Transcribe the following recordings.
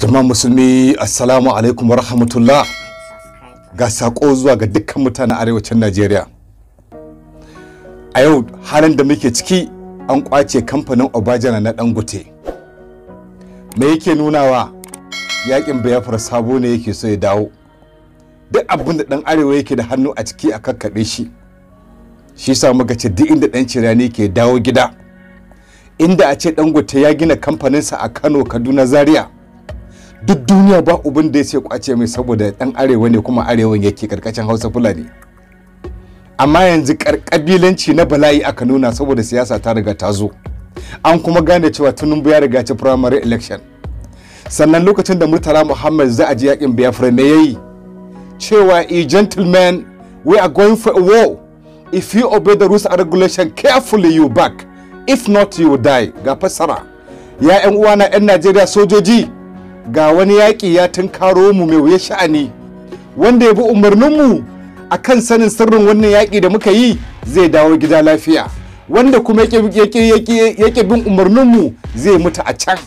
Jama'an musulmi assalamu alaikum wa rahmatullah ga sako zuwa ga dukkan mutanen arewacin najeriya a yau halin da muke ciki an kwace kamfanin obajana na dangote me yake nunawa yakin bayafar sabo ne yake so ya dawo duk abin da dan arewa yake da hannu a ciki a kakkaɓe shi shi sa muka ce duk inda dan cirani ke dawo gida inda a ce dangote ya gina kamfaninsa a kano kaduna zaria duk duniya ba ubin da ya ce kwace mai saboda dan arewa ne kuma arewan yake karkashin hausa fulani amma yanzu kabilanci na bala'i aka nuna saboda siyasa ta riga ta zo an kuma gane cewa tunubu ya riga ci primary election sannan lokacin da murtala muhammad za a ji yakin biafra ya yayi cewa e eh, gentleman we are going for a war if you obey the rules and regulation carefully you back if not you die ga fassara ya yan uwana yan najeriya sojoji ga wani yaƙi ya tunkaro mu mai wuya sha'ani wanda ya bi umarninmu a kan sanin sirrin wannan yaƙi da muka yi zai dawo gida lafiya wanda kuma yake bin umarninmu zai mutu a can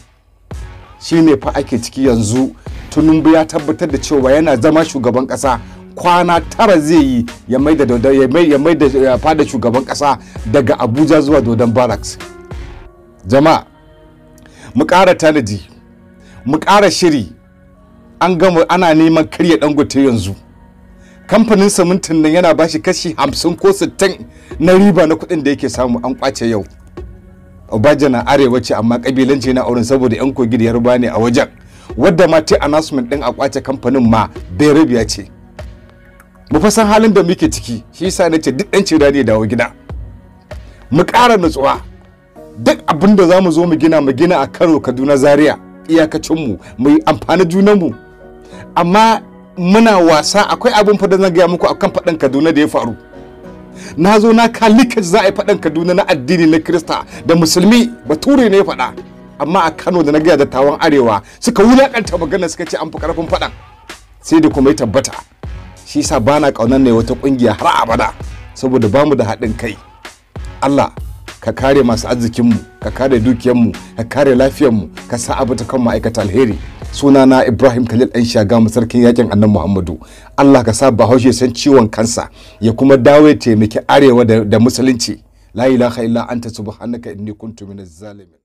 shi ne fa ake ciki yanzu tunumbu ya tabbatar da cewa yana zama shugaban ƙasa kwana tara zai yi ya mai da fada shugaban ƙasa daga abuja zuwa dodon barracks jama'a mu ƙara tanadi mu ƙara shiri an gama ana neman karya dangote yanzu kamfanin samintin nan yana bashi kashi hamsin ko sittin na riba na kuɗin da yake samu an kwace yau obaja na arewa ce amma kabilanci na auren saboda yan kogi da yarba ne a wajen wadda ma ta announcement din a kwace kamfanin ma bai ya ce mu fa halin da muke ciki shi yasa nace duk dan cira ne dawo gida mu ƙara nutsuwa duk abinda zamu zo mu gina mu gina a Kano Kaduna Zaria iyakacinmu mu yi amfani junanmu amma muna wasa akwai abin fa da zan gaya muku akan faɗan kaduna da ya faru na zo na kalli ka za a yi faɗan kaduna na addini na krista da musulmi bature ne ya faɗa amma a kano da na gaya da tawan arewa suka wulakanta magana suka ce an fi karfin faɗan sai da kuma ya tabbata shi sa bana ƙaunar ne wata ƙungiya har abada saboda bamu da haɗin kai Allah ka kare masu arzikinmu ka kare dukiyarmu ka kare lafiyarmu ka sa abu ta kan ma'aikata alheri sunana ibrahim khalil ɗan shagamu sarkin yakin annan muhammadu allah ka sa bahaushe san ciwon kansa ya kuma dawo ya taimaki arewa da musulunci la ilaha illa anta subhanaka inni kuntu minaz zalimin